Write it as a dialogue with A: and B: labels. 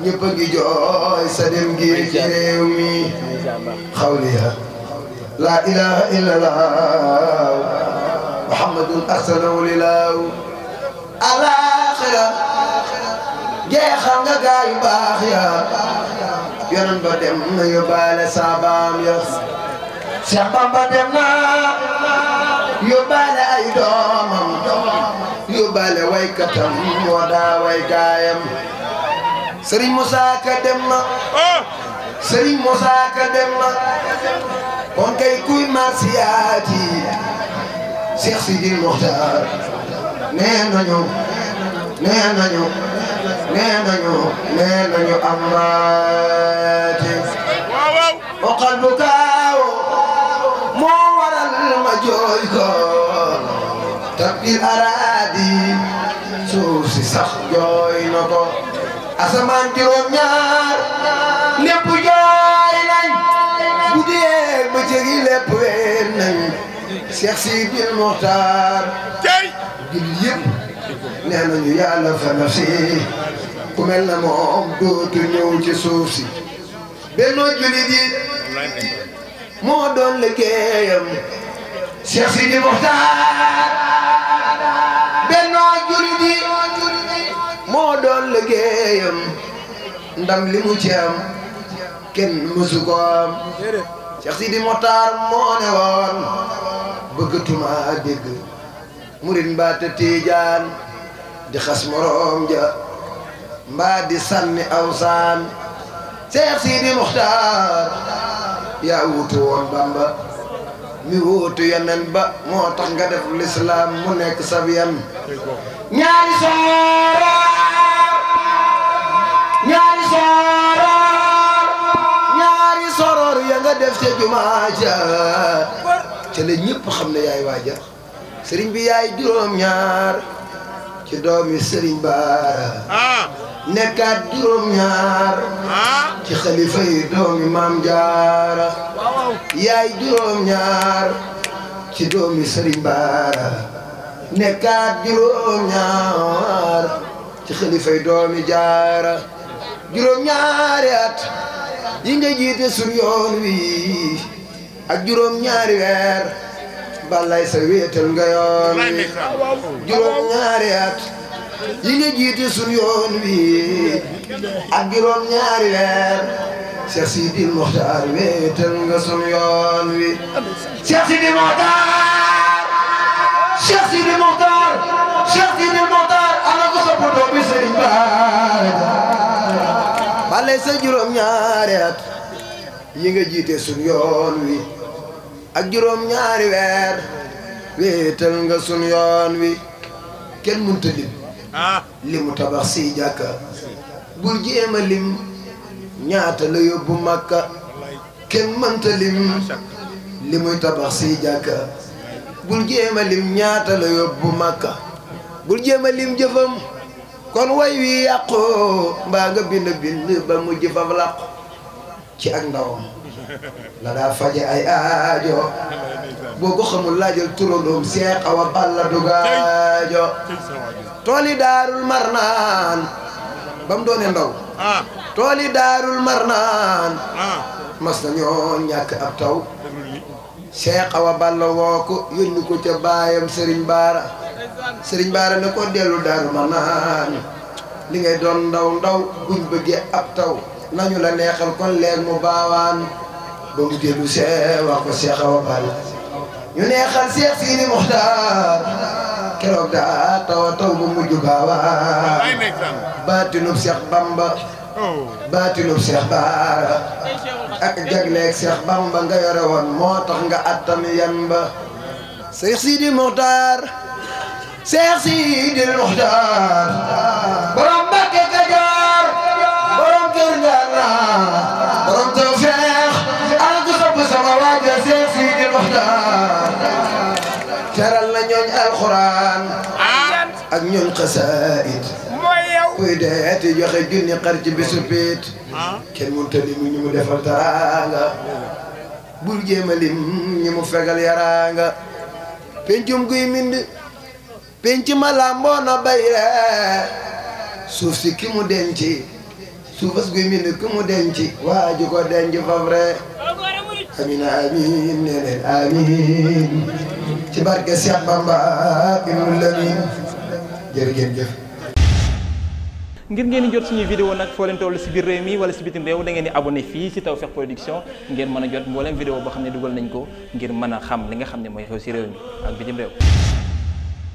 A: ñëpp a ngi jooy sa dem gi ci mi xawliya laa ilaha illa allah muhammadun arsala walilaw alaxira jeexal nga gaay baax ya yonen ba dem na yóbbaale saabaam ya Cheikh Bamba dem na yóbbaale ay doomam yóbbaale waykatam moo daa way gaayam sëriñ Moussa Ka dem na ah! Serigne Moussa Ka na kon kay kuy marsiyaati Cheikh Sidil Mokhtar nee nañu nee nañu nee nañu nee nañu amaati moo waral ma jooy araadi suuf sax jooy asamaan juróom ñaar lépp jooy nañ guddee bëccëg yi lépp ween nañ Cheikh Sidil Mokhtar jul yëpp nee nañu yàlla fana si ku mel na moom dootu ñëw ci suuf si bennoo julit yi moo doon liggéeyam Cheikh Sidil Mokhtar doon liggéeyam ndam li mu ci kenn mësu ko am Cheikh Sidi moo ne woon bëggatuma dégg murit mbaa te tiijaan di xas moroom ja mbaa di sànni aw saan Cheikh Sidi Mokhtar yaa wuutu woon Bamba mi wóotu yeneen ba moo tax nga def lislaam mu nekk sab yan ñaari soora te jumaa ja ca la ñëpp xam ne yaay waaja sëriñ bi yaay juróom-ñaar ci doomi sëriñ baara ah. nekkaat juróom-ñaar ah. ci xalifa yi doomi maam ci doomi sëriñ baara nekkaat juróom-ñaar ci xalifa yi doomi jaara juróom-ñaari at yi nga jiite suñu yoon wi ak juróom ñaari weer balay sa wéetal nga yoon wi juróom ñaari at yi nga jiite suñu wi ak juróom ñaari weer Cheikh Sidi Mokhtar wéetal nga wi Cheikh Sidi Mokhtar Cheikh Sidi Mokhtar Cheikh Sidi xale sa juróom-ñaari at yi nga jiite sun yoon wi ak juróom-ñaari weer wéetal nga sun wi kenn mënta lim ah. li mu tabax si jàkka bul jéem a lim ñaata la yóbbu màkka kenn mënta lim li muy tabax si jàkka bul jéem a lim ñaata la yóbbu màkka bul lim jëfam kon way wi yàqu mbaa nga bind bind ba mujj faf làq ci ak ndawam la daa faje ay aajo boo ko xamul laajal turandoom seex awa balla dugaajo tooli daarul marnaan ba mu doone ndaw ah. tooli daarul marnaan ah. mas nañoo ñàkk ab taw seex awa balla woo ko ca baayam sëriñ baara sëriñ Baara ne ko dellu daaru ma naan li ngay doon ndaw ndaw buñ bëggee ab taw nañu la neexal kon leer mu baawaan ba mu dellu see wax ko Seex Awa ñu neexal Seex Sidi Muxtaar keroog daa taw a taw ba mujj baawaan baatinub Seex Bamba baatinub Seex Baara ak jagleeg Seex Bamba nga yore woon moo tax nga attan yan Seex Sidi Muxtaar Seex Sidil Muxtaar borom Mbàkke Kajoor borom Kër Ngalla borom tawfeex ala ku sopp sama waaja Seex Sidil Muxtaar teral na ñooñ alxuraan ak ñooñ xasaayid kuy deeti joxe junni xar ci bisu piit ah. kenn mënta limu ñu mu defal taraanga bul jéem a lim ñu mu fegal yaraanga pencum guy mind penc ma làmboo na bay ree suuf si ki mu denci suufas guy mbind ki mu denci waa ji ko denci faf ree amin ne amin ci barke Seex Bamba Ibnul Lamin ngir ngeen jot suñu vidéo nag foo leen toll si biir réew mi wala si bitim réew da ngeen di abonné fii si Tawfekh Production ngeen mën a jot mbooleem vidéo boo xam ne dugal nañ ko ngir mën a xam li nga xam ne mooy xew si réew mi ak bitim réew